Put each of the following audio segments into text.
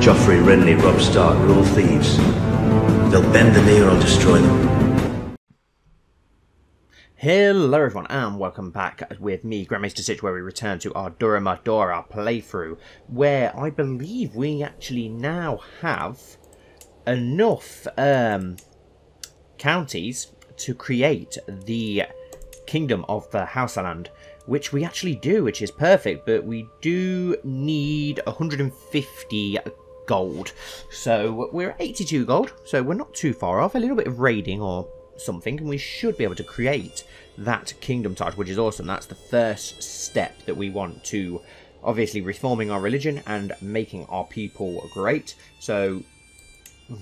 Joffrey, Renly, Rob Stark, we're all thieves. They'll bend the knee or I'll destroy them. Hello everyone and welcome back with me, Grandmaster Sitch, where we return to our Duramadora playthrough, where I believe we actually now have enough um, counties to create the Kingdom of the Houseland which we actually do, which is perfect, but we do need 150 gold. So we're at 82 gold, so we're not too far off. A little bit of raiding or something, and we should be able to create that kingdom title, which is awesome. That's the first step that we want to, obviously, reforming our religion and making our people great. So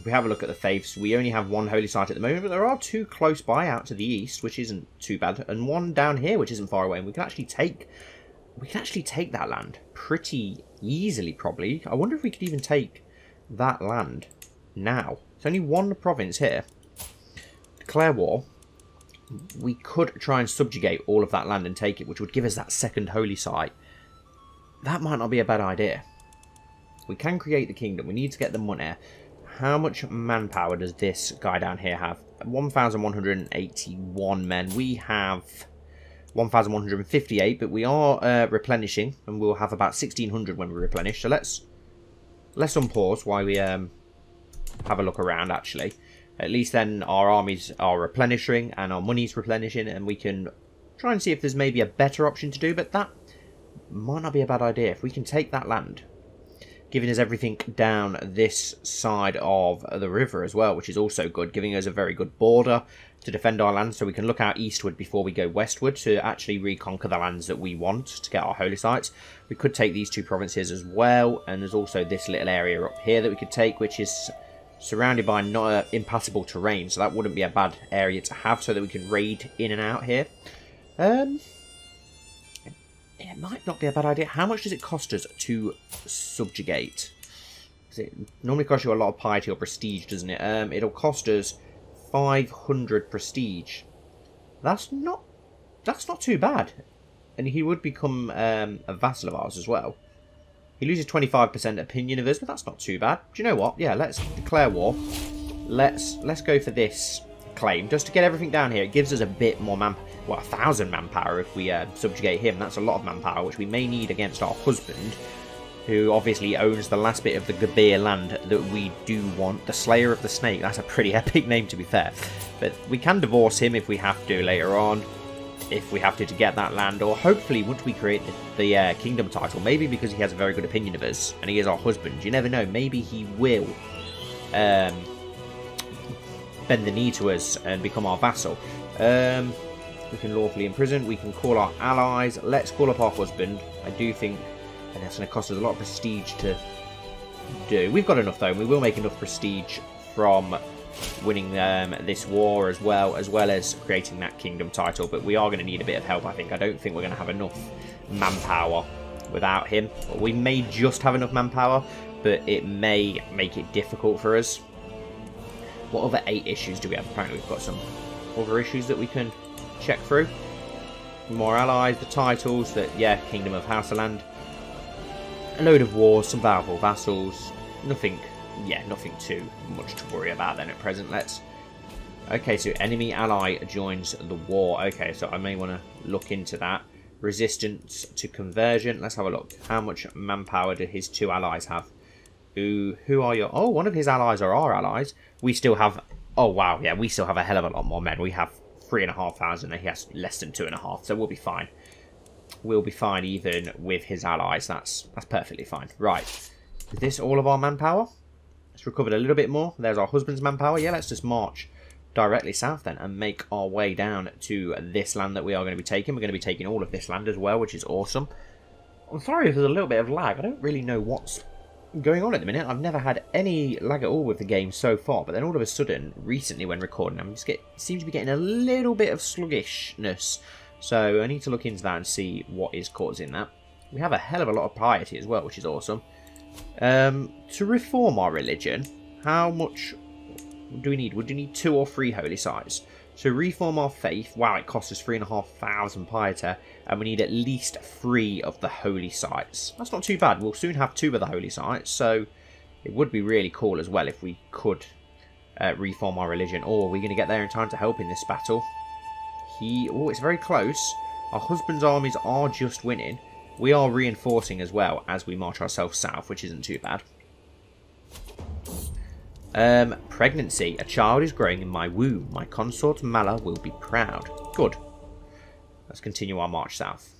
we have a look at the faiths. We only have one holy site at the moment, but there are two close by out to the east, which isn't too bad, and one down here, which isn't far away, and we can actually take we can actually take that land pretty easily, probably. I wonder if we could even take that land now. There's only one province here. Declare war. We could try and subjugate all of that land and take it, which would give us that second holy site. That might not be a bad idea. We can create the kingdom. We need to get the money. How much manpower does this guy down here have? 1,181 men. We have 1,158, but we are uh, replenishing, and we'll have about 1,600 when we replenish. So let's let's unpause while we um, have a look around, actually. At least then our armies are replenishing, and our money's replenishing, and we can try and see if there's maybe a better option to do, but that might not be a bad idea. If we can take that land, giving us everything down this side of the river as well, which is also good, giving us a very good border, to defend our lands so we can look out eastward before we go westward to actually reconquer the lands that we want to get our holy sites. We could take these two provinces as well and there's also this little area up here that we could take which is surrounded by not uh, impassable terrain so that wouldn't be a bad area to have so that we can raid in and out here. Um, it might not be a bad idea. How much does it cost us to subjugate? it normally costs you a lot of piety or prestige, doesn't it? Um, it'll cost us 500 prestige. That's not that's not too bad. And he would become um, a vassal of ours as well. He loses 25% opinion of us, but that's not too bad. Do you know what? Yeah, let's declare war. Let's let's go for this claim, just to get everything down here. It gives us a bit more man, well, a thousand manpower if we uh, subjugate him. That's a lot of manpower, which we may need against our husband who obviously owns the last bit of the Gabir land that we do want. The Slayer of the Snake, that's a pretty epic name to be fair. But we can divorce him if we have to later on, if we have to to get that land, or hopefully once we create the, the uh, kingdom title, maybe because he has a very good opinion of us, and he is our husband, you never know, maybe he will um, bend the knee to us and become our vassal. Um, we can lawfully imprison, we can call our allies, let's call up our husband, I do think and that's going to cost us a lot of prestige to do. We've got enough though, we will make enough prestige from winning um, this war as well, as well as creating that kingdom title. But we are going to need a bit of help, I think. I don't think we're going to have enough manpower without him. We may just have enough manpower, but it may make it difficult for us. What other eight issues do we have? Apparently we've got some other issues that we can check through. More allies, the titles, that yeah, Kingdom of Hausaland a load of wars, some powerful vassals, nothing, yeah, nothing too much to worry about then at present. Let's, okay, so enemy ally joins the war. Okay, so I may want to look into that. Resistance to conversion. Let's have a look. How much manpower do his two allies have? Who, who are your, oh, one of his allies are our allies. We still have, oh wow, yeah, we still have a hell of a lot more men. We have three and a half thousand and he has less than two and a half, so we'll be fine we'll be fine even with his allies. That's that's perfectly fine. Right. Is this all of our manpower? It's recovered a little bit more. There's our husband's manpower. Yeah, let's just march directly south then and make our way down to this land that we are going to be taking. We're going to be taking all of this land as well, which is awesome. I'm sorry if there's a little bit of lag. I don't really know what's going on at the minute. I've never had any lag at all with the game so far, but then all of a sudden, recently when recording, I'm just get seems to be getting a little bit of sluggishness so I need to look into that and see what is causing that. We have a hell of a lot of piety as well, which is awesome. Um, to reform our religion, how much do we need? Would you need two or three holy sites? To reform our faith, wow, it costs us three and a half thousand piety, and we need at least three of the holy sites. That's not too bad. We'll soon have two of the holy sites, so it would be really cool as well if we could uh, reform our religion. Or oh, are we going to get there in time to help in this battle? He... Oh, it's very close. Our husband's armies are just winning. We are reinforcing as well as we march ourselves south, which isn't too bad. Um, pregnancy. A child is growing in my womb. My consort Mala will be proud. Good. Let's continue our march south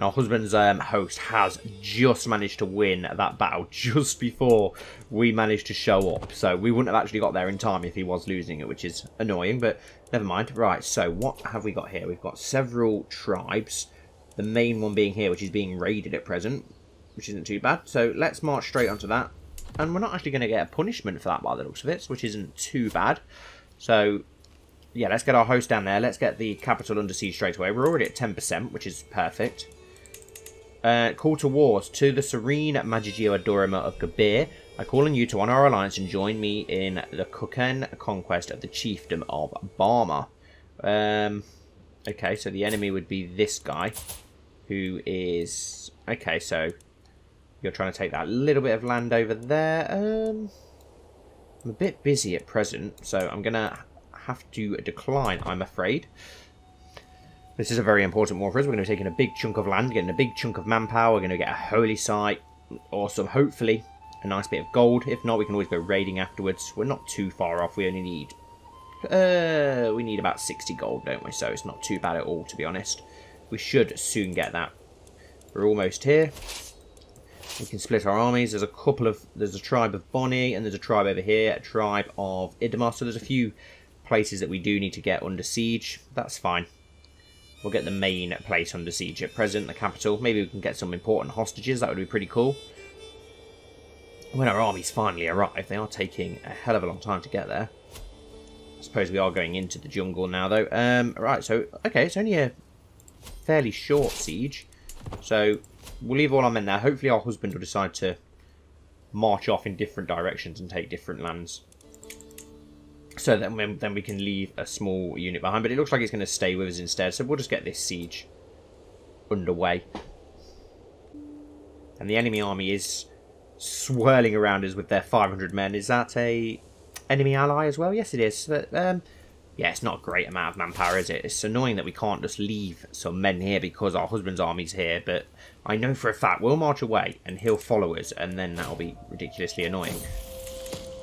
our husband's um, host has just managed to win that battle just before we managed to show up. So we wouldn't have actually got there in time if he was losing it, which is annoying, but never mind. Right, so what have we got here? We've got several tribes, the main one being here, which is being raided at present, which isn't too bad. So let's march straight onto that. And we're not actually going to get a punishment for that by the looks of it, which isn't too bad. So yeah, let's get our host down there. Let's get the capital under siege straight away. We're already at 10%, which is perfect uh, call to wars to the serene Majigio Adorima of Gabir. I call on you to honor our alliance and join me in the Kuken conquest of the chiefdom of Barma. Um, okay, so the enemy would be this guy, who is... Okay, so you're trying to take that little bit of land over there. Um, I'm a bit busy at present, so I'm going to have to decline, I'm afraid. This is a very important war for us. We're going to be taking a big chunk of land, getting a big chunk of manpower. We're going to get a holy site. Awesome. Hopefully, a nice bit of gold. If not, we can always go raiding afterwards. We're not too far off. We only need... Uh, we need about 60 gold, don't we? So it's not too bad at all, to be honest. We should soon get that. We're almost here. We can split our armies. There's a couple of... There's a tribe of Bonnie, and there's a tribe over here, a tribe of Idamar. So there's a few places that we do need to get under siege. That's fine. We'll get the main place under siege at present, the capital. Maybe we can get some important hostages. That would be pretty cool. When our armies finally arrive, they are taking a hell of a long time to get there. I suppose we are going into the jungle now, though. Um, right, so, okay, it's only a fairly short siege. So we'll leave all our men there. Hopefully our husband will decide to march off in different directions and take different lands so then, then we can leave a small unit behind. But it looks like it's going to stay with us instead, so we'll just get this siege underway. And the enemy army is swirling around us with their 500 men. Is that a enemy ally as well? Yes, it is. But, um, yeah, it's not a great amount of manpower, is it? It's annoying that we can't just leave some men here because our husband's army's here, but I know for a fact we'll march away and he'll follow us, and then that'll be ridiculously annoying.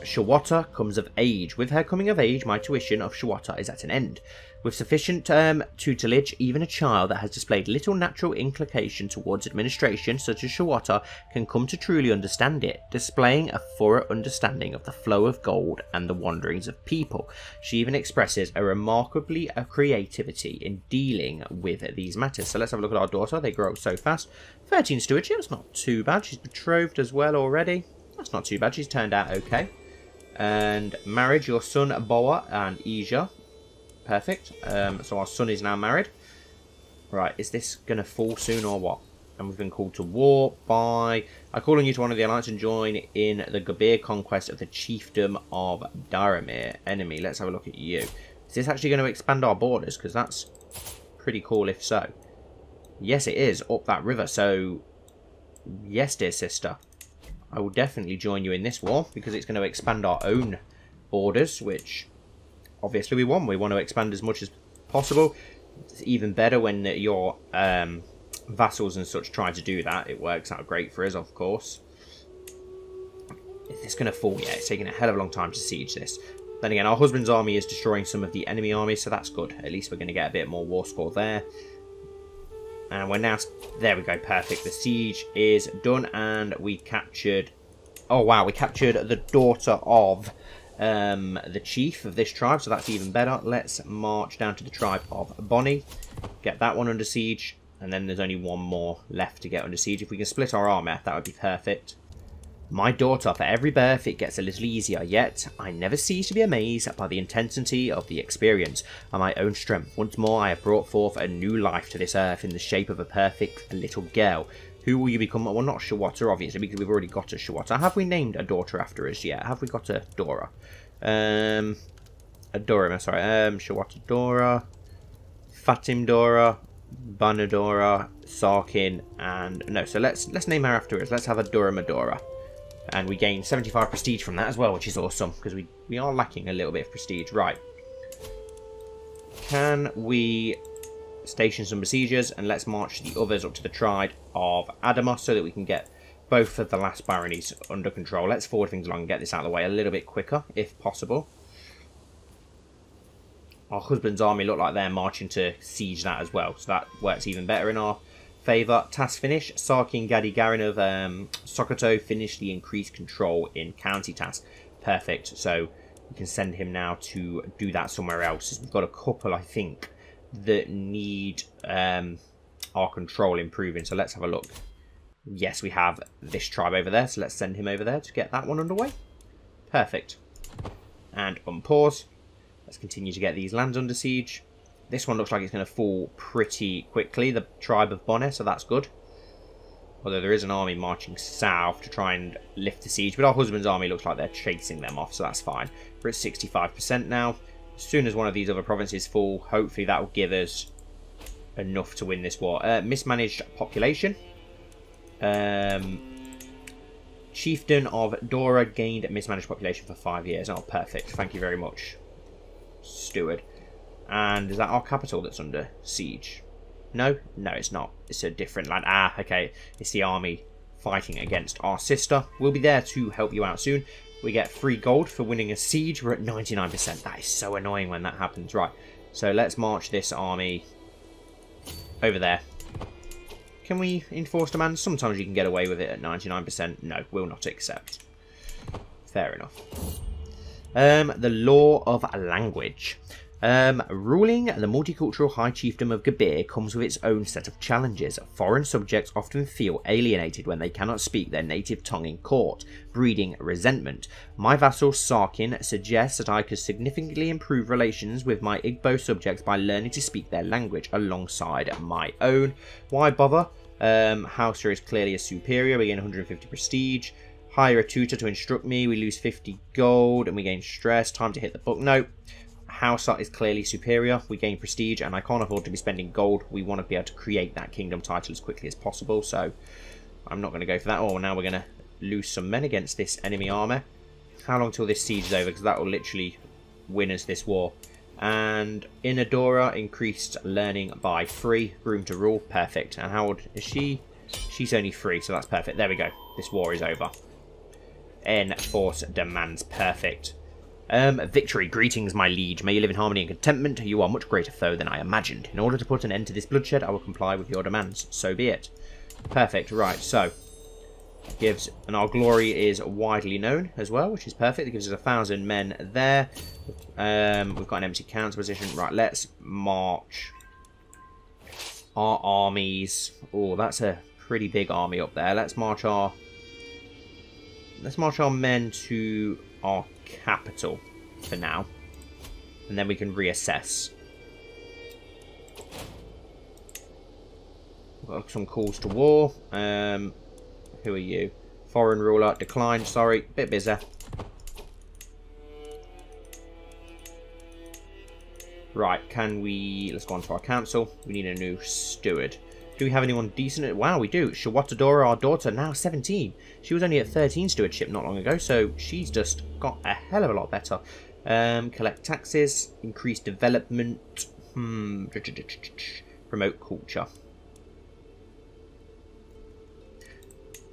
Shawata comes of age. With her coming of age, my tuition of Shawata is at an end. With sufficient um, tutelage, even a child that has displayed little natural inclination towards administration, such as Shawata, can come to truly understand it, displaying a thorough understanding of the flow of gold and the wanderings of people. She even expresses a remarkably a creativity in dealing with these matters. So let's have a look at our daughter. They grow up so fast. 13 stewardship's not too bad. She's betrothed as well already. That's not too bad. She's turned out okay. And marriage, your son Boa and Asia. Perfect. Um, so our son is now married. Right, is this going to fall soon or what? And we've been called to war by... I call on you to honor the alliance and join in the Gabir conquest of the chiefdom of Daramir. Enemy, let's have a look at you. Is this actually going to expand our borders? Because that's pretty cool if so. Yes, it is, up that river. So, yes, dear sister. I will definitely join you in this war because it's going to expand our own borders, which obviously we want. We want to expand as much as possible. It's even better when your um, vassals and such try to do that. It works out great for us, of course. it's going to fall, yet. it's taking a hell of a long time to siege this. Then again, our husband's army is destroying some of the enemy army, so that's good. At least we're going to get a bit more war score there. And we're now... There we go, perfect. The siege is done and we captured... Oh, wow, we captured the daughter of um, the chief of this tribe, so that's even better. Let's march down to the tribe of Bonnie, get that one under siege, and then there's only one more left to get under siege. If we can split our army, that would be perfect. My daughter, for every birth, it gets a little easier, yet I never cease to be amazed by the intensity of the experience and my own strength. Once more, I have brought forth a new life to this earth in the shape of a perfect little girl. Who will you become? Well, not Shawata, obviously, because we've already got a Shawata. Have we named a daughter after us yet? Have we got a Dora? Um, a Dora, I'm sorry. Um, Shawata Dora, Fatim Dora, Banadora, Sarkin, and... No, so let's let's name her after us. Let's have a Dora Madora and we gain 75 prestige from that as well, which is awesome, because we, we are lacking a little bit of prestige. Right. Can we station some besiegers, and let's march the others up to the tribe of Adamos so that we can get both of the last baronies under control. Let's forward things along and get this out of the way a little bit quicker, if possible. Our husband's army look like they're marching to siege that as well, so that works even better in our favour. Task finish, Gadi Garin of um, Sokoto finished the increased control in county task. Perfect. So we can send him now to do that somewhere else. We've got a couple, I think, that need um, our control improving. So let's have a look. Yes, we have this tribe over there. So let's send him over there to get that one underway. Perfect. And unpause. Let's continue to get these lands under siege. This one looks like it's going to fall pretty quickly, the tribe of Bonner, so that's good. Although there is an army marching south to try and lift the siege, but our husband's army looks like they're chasing them off, so that's fine. We're at 65% now. As soon as one of these other provinces fall, hopefully that will give us enough to win this war. Uh, mismanaged population. Um, Chieftain of Dora gained mismanaged population for five years. Oh, perfect. Thank you very much, Steward. And is that our capital that's under siege? No? No, it's not. It's a different land. Ah, okay. It's the army fighting against our sister. We'll be there to help you out soon. We get free gold for winning a siege. We're at 99%. That is so annoying when that happens. Right, so let's march this army over there. Can we enforce demand? Sometimes you can get away with it at 99%. No, we'll not accept. Fair enough. Um, the law of language. Um, ruling the multicultural high chiefdom of Gabir comes with its own set of challenges. Foreign subjects often feel alienated when they cannot speak their native tongue in court, breeding resentment. My vassal Sarkin suggests that I could significantly improve relations with my Igbo subjects by learning to speak their language alongside my own. Why bother? Um, Hauser is clearly a superior, we gain 150 prestige. Hire a tutor to instruct me, we lose 50 gold and we gain stress. Time to hit the book. No. House art is clearly superior. We gain prestige and I can't afford to be spending gold. We want to be able to create that kingdom title as quickly as possible. So I'm not going to go for that. Oh, now we're going to lose some men against this enemy armor. How long till this siege is over? Because that will literally win us this war. And Inadora increased learning by three. Room to rule. Perfect. And how old is she? She's only three, so that's perfect. There we go. This war is over. Enforce demands. Perfect. Um, victory, greetings, my liege. May you live in harmony and contentment. You are much greater foe than I imagined. In order to put an end to this bloodshed, I will comply with your demands. So be it. Perfect, right, so. Gives, and our glory is widely known as well, which is perfect. It gives us a thousand men there. Um, we've got an empty council position. Right, let's march our armies. Oh, that's a pretty big army up there. Let's march our let's march our men to our capital for now. And then we can reassess. Got some calls to war. Um, who are you? Foreign ruler, declined, sorry. Bit busy. Right, can we... Let's go on to our council. We need a new steward. Do we have anyone decent? At wow, we do. Shawatadora, our daughter, now 17. She was only at 13 stewardship not long ago, so she's just got a hell of a lot better. Um, collect taxes, increase development, hmm, promote culture.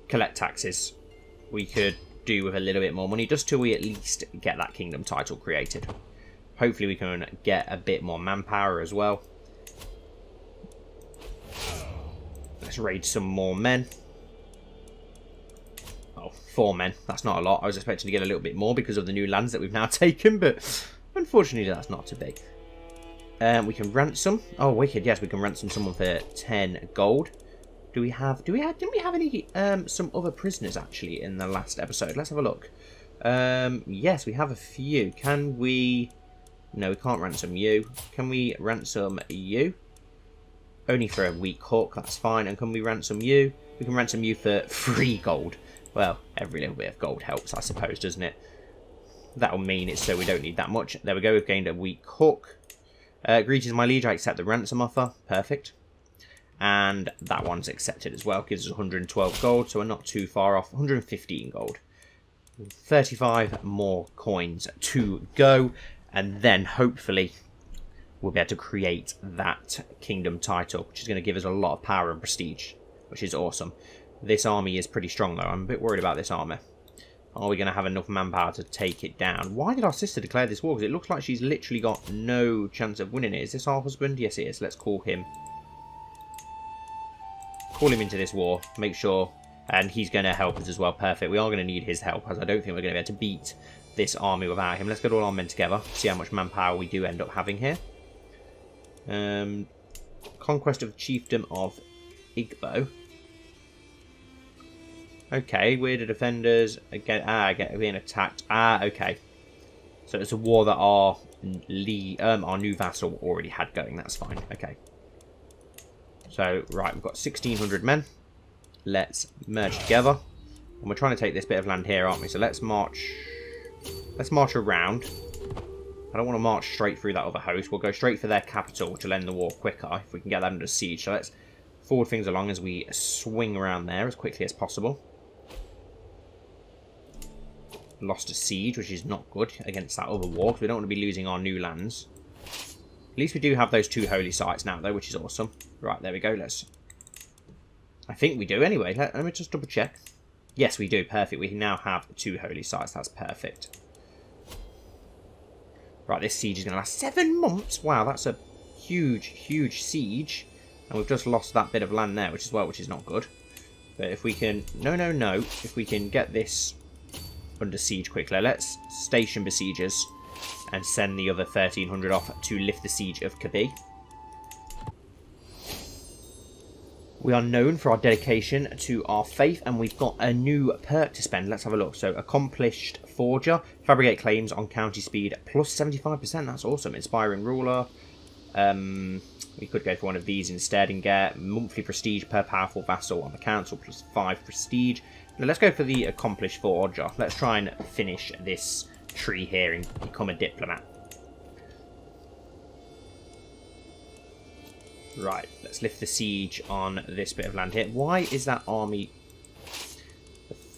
Collect taxes. We could do with a little bit more money, just till we at least get that kingdom title created. Hopefully we can get a bit more manpower as well. let's raid some more men. Oh, four men. That's not a lot. I was expecting to get a little bit more because of the new lands that we've now taken, but unfortunately that's not too big. Um, we can ransom. Oh, wicked. Yes, we can ransom someone for 10 gold. Do we have... Do we have... Didn't we have any... Um, some other prisoners, actually, in the last episode? Let's have a look. Um, yes, we have a few. Can we... No, we can't ransom you. Can we ransom you? Only for a weak hook, that's fine. And can we ransom you? We can ransom you for free gold. Well, every little bit of gold helps, I suppose, doesn't it? That'll mean it so we don't need that much. There we go, we've gained a weak hook. Uh, greetings, my liege, I accept the ransom offer. Perfect. And that one's accepted as well. Gives us 112 gold, so we're not too far off. 115 gold. 35 more coins to go. And then, hopefully, we'll be able to create that kingdom title, which is going to give us a lot of power and prestige, which is awesome. This army is pretty strong, though. I'm a bit worried about this army. Are we going to have enough manpower to take it down? Why did our sister declare this war? Because it looks like she's literally got no chance of winning it. Is this our husband? Yes, it is. Let's call him. Call him into this war. Make sure. And he's going to help us as well. Perfect. We are going to need his help, as I don't think we're going to be able to beat this army without him. Let's get all our men together. See how much manpower we do end up having here. Um, conquest of the chiefdom of Igbo. Okay, we're the defenders again. Ah, get being attacked. Ah, okay. So it's a war that our Lee, um, our new vassal already had going. That's fine. Okay. So right, we've got 1,600 men. Let's merge together, and we're trying to take this bit of land here, aren't we? So let's march. Let's march around. I don't want to march straight through that other host. We'll go straight for their capital to end the war quicker if we can get that under siege. So let's forward things along as we swing around there as quickly as possible. Lost a siege, which is not good against that other war, because we don't want to be losing our new lands. At least we do have those two holy sites now, though, which is awesome. Right, there we go. Let's... I think we do anyway. Let, let me just double check. Yes, we do. Perfect. We now have two holy sites. That's perfect. Right, this siege is going to last seven months. Wow, that's a huge, huge siege. And we've just lost that bit of land there, which is well, which is not good. But if we can... No, no, no. If we can get this under siege quickly, let's station besiegers and send the other 1,300 off to lift the siege of Kabi. We are known for our dedication to our faith, and we've got a new perk to spend. Let's have a look. So, accomplished Forger. Fabricate claims on county speed plus 75%. That's awesome. Inspiring ruler. Um, we could go for one of these instead and get monthly prestige per powerful vassal on the council plus 5 prestige. Now let's go for the accomplished Forger. Let's try and finish this tree here and become a diplomat. Right, let's lift the siege on this bit of land here. Why is that army...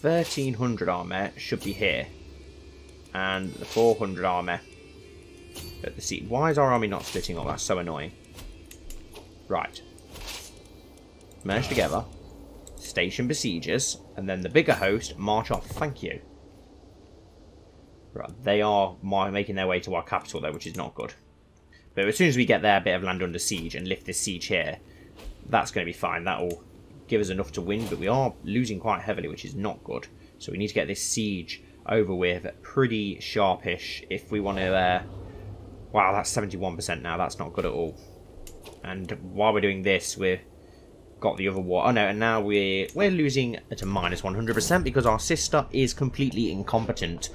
The 1300 army should be here and the 400 army at the sea. Why is our army not splitting up? That's so annoying. Right. Merge together. Station besiegers. And then the bigger host march off. Thank you. Right, they are making their way to our capital though, which is not good. But as soon as we get there, a bit of land under siege and lift this siege here, that's going to be fine. That'll give us enough to win, but we are losing quite heavily, which is not good. So we need to get this siege over with pretty sharpish if we want to... Uh, wow, that's 71% now. That's not good at all. And while we're doing this, we're got the other war. Oh no, and now we're we're losing at a minus 100% because our sister is completely incompetent.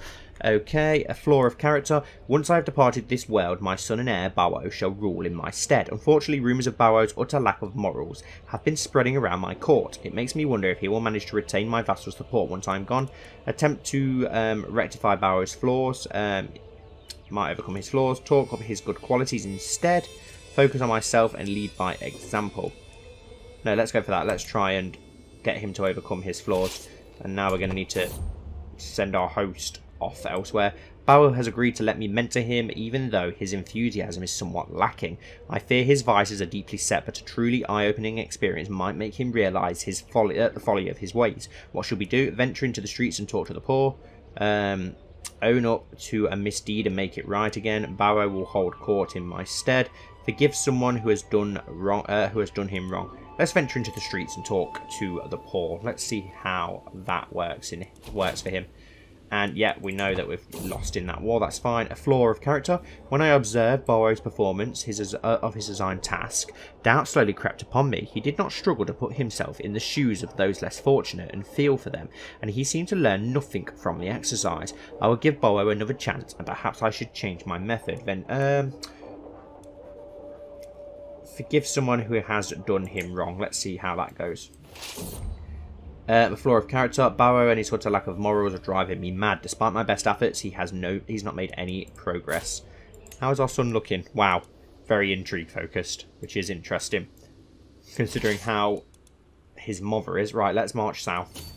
Okay, a flaw of character. Once I have departed this world, my son and heir, Bao shall rule in my stead. Unfortunately, rumours of Bao's utter lack of morals have been spreading around my court. It makes me wonder if he will manage to retain my vassal support once I'm gone. Attempt to um, rectify Bao's flaws. Um, might overcome his flaws. Talk of his good qualities instead. Focus on myself and lead by example. No, let's go for that. Let's try and get him to overcome his flaws. And now we're going to need to send our host off elsewhere. Bauer has agreed to let me mentor him, even though his enthusiasm is somewhat lacking. I fear his vices are deeply set, but a truly eye-opening experience might make him realise his folly, uh, the folly of his ways. What should we do? Venture into the streets and talk to the poor? Um, own up to a misdeed and make it right again. Bauer will hold court in my stead. Forgive someone who has done wrong, uh, who has done him wrong. Let's venture into the streets and talk to the poor. Let's see how that works in works for him. And yet we know that we've lost in that war. That's fine. A flaw of character. When I observed Borrow's performance his, uh, of his assigned task, doubt slowly crept upon me. He did not struggle to put himself in the shoes of those less fortunate and feel for them, and he seemed to learn nothing from the exercise. I will give Borrow another chance, and perhaps I should change my method. Then, um, forgive someone who has done him wrong. Let's see how that goes. Uh, the flaw of character, Barrow and his of lack of morals are driving me mad. Despite my best efforts, he has no, he's not made any progress. How is our son looking? Wow, very intrigue focused, which is interesting, considering how his mother is. Right, let's march south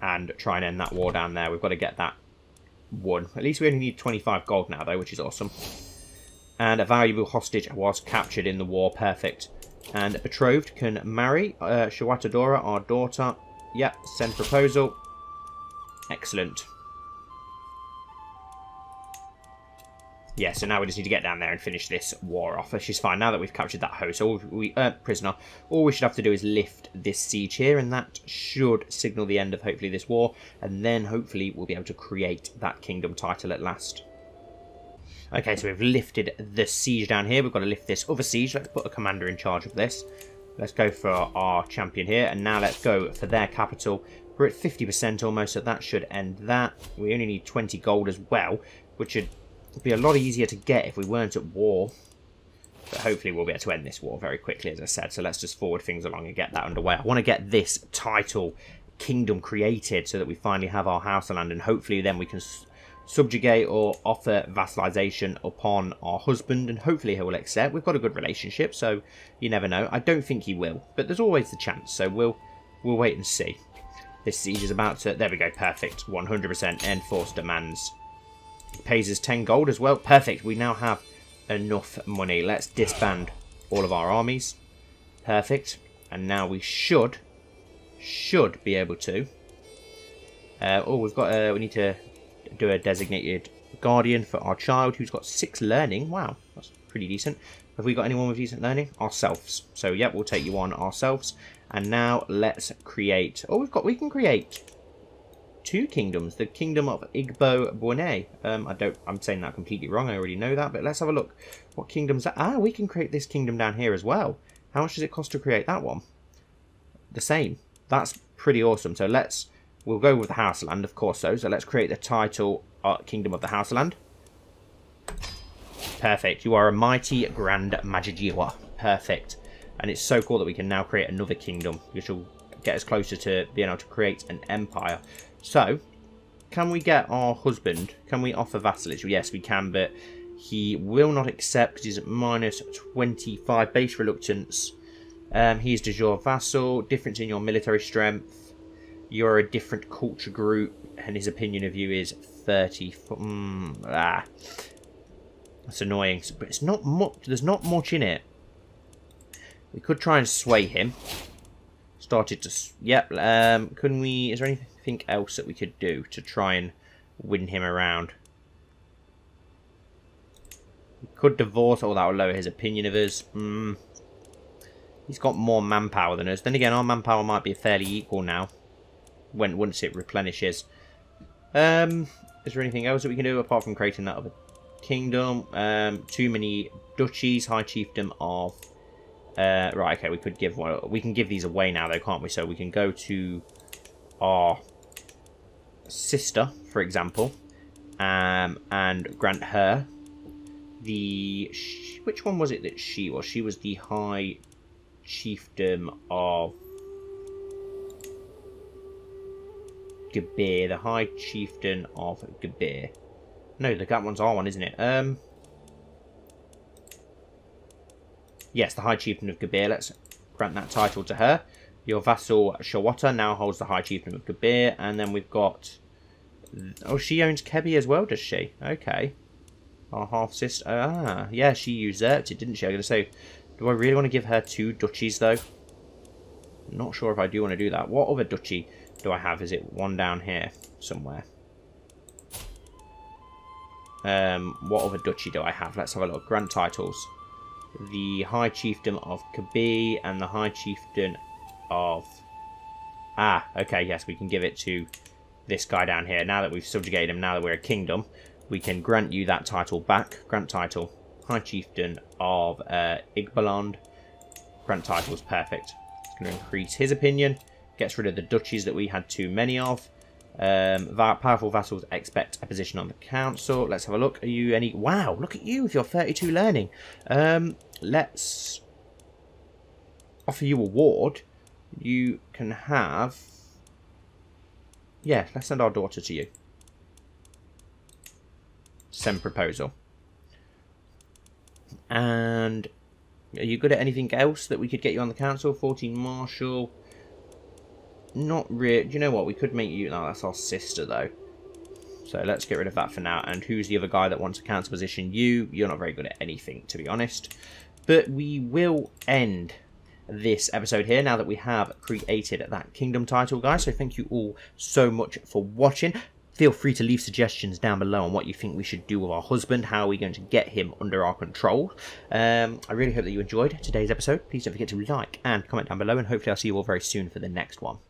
and try and end that war down there. We've got to get that one. At least we only need 25 gold now, though, which is awesome and a valuable hostage was captured in the war. Perfect. And betrothed can marry uh, our daughter. Yep, send proposal. Excellent. Yeah, so now we just need to get down there and finish this war off. She's fine now that we've captured that host, or we uh, prisoner. All we should have to do is lift this siege here, and that should signal the end of hopefully this war, and then hopefully we'll be able to create that kingdom title at last. Okay, so we've lifted the siege down here. We've got to lift this other siege. Let's put a commander in charge of this. Let's go for our champion here. And now let's go for their capital. We're at 50% almost, so that should end that. We only need 20 gold as well, which would be a lot easier to get if we weren't at war. But hopefully we'll be able to end this war very quickly, as I said. So let's just forward things along and get that underway. I want to get this title kingdom created so that we finally have our house land and hopefully then we can subjugate or offer vassalization upon our husband and hopefully he will accept. We've got a good relationship, so you never know. I don't think he will, but there's always the chance, so we'll we'll wait and see. This siege is about to... There we go, perfect. 100% enforced demands. He pays us 10 gold as well. Perfect, we now have enough money. Let's disband all of our armies. Perfect. And now we should, should be able to... Uh, oh, we've got... Uh, we need to do a designated guardian for our child who's got six learning. Wow, that's pretty decent. Have we got anyone with decent learning? Ourselves. So yeah, we'll take you on ourselves. And now let's create. Oh, we've got. We can create two kingdoms. The kingdom of Igbo Borne. Um, I don't. I'm saying that completely wrong. I already know that. But let's have a look. What kingdoms? ah, we can create this kingdom down here as well. How much does it cost to create that one? The same. That's pretty awesome. So let's We'll go with the Houseland, of course, so. So let's create the title uh, Kingdom of the Houseland. Perfect. You are a mighty Grand Majijiwa. Perfect. And it's so cool that we can now create another kingdom, which will get us closer to being able to create an empire. So, can we get our husband? Can we offer vassalage? Yes, we can, but he will not accept because he's at minus 25 base reluctance. Um, he is de jure vassal. Difference in your military strength you're a different culture group, and his opinion of you is 30. Mm, ah. That's annoying. But it's not much, there's not much in it. We could try and sway him. Started to, yep, um, can we, is there anything else that we could do to try and win him around? We could divorce, oh, that would lower his opinion of us. Mm. He's got more manpower than us. Then again, our manpower might be fairly equal now when once it replenishes. Um, is there anything else that we can do apart from creating that other kingdom? Um, too many duchies, high chiefdom of. Uh, right, okay, we could give one. We can give these away now, though, can't we? So we can go to our sister, for example, um, and grant her the. Which one was it that she was? She was the high chiefdom of Gabir, the High Chieftain of Gabir. No, the that one's our one isn't it? Um, yes, the High Chieftain of Gabir. Let's grant that title to her. Your vassal Shawata now holds the High Chieftain of Gabir, and then we've got. Oh, she owns Kebi as well, does she? Okay. Our half sister. Ah, yeah, she usurped it, didn't she? I'm gonna say, do I really want to give her two duchies though? not sure if I do want to do that. What other duchy? do I have? Is it one down here somewhere? Um, what other duchy do I have? Let's have a look. Grand titles. The High Chiefdom of Kabi and the High Chieftain of... Ah, okay, yes, we can give it to this guy down here. Now that we've subjugated him, now that we're a kingdom, we can grant you that title back. Grant title. High Chieftain of uh, Igbaland. Grant title's perfect. It's going to increase his opinion. Gets rid of the duchies that we had too many of. Um, powerful vassals expect a position on the council. Let's have a look. Are you any... Wow, look at you if you're 32 learning. Um, let's offer you a ward. You can have... Yeah, let's send our daughter to you. Send proposal. And are you good at anything else that we could get you on the council? 14 marshal. Not really. You know what? We could make you. No, that's our sister, though. So let's get rid of that for now. And who's the other guy that wants a council position? You. You're not very good at anything, to be honest. But we will end this episode here now that we have created that kingdom title, guys. So thank you all so much for watching feel free to leave suggestions down below on what you think we should do with our husband how are we going to get him under our control um, i really hope that you enjoyed today's episode please don't forget to like and comment down below and hopefully i'll see you all very soon for the next one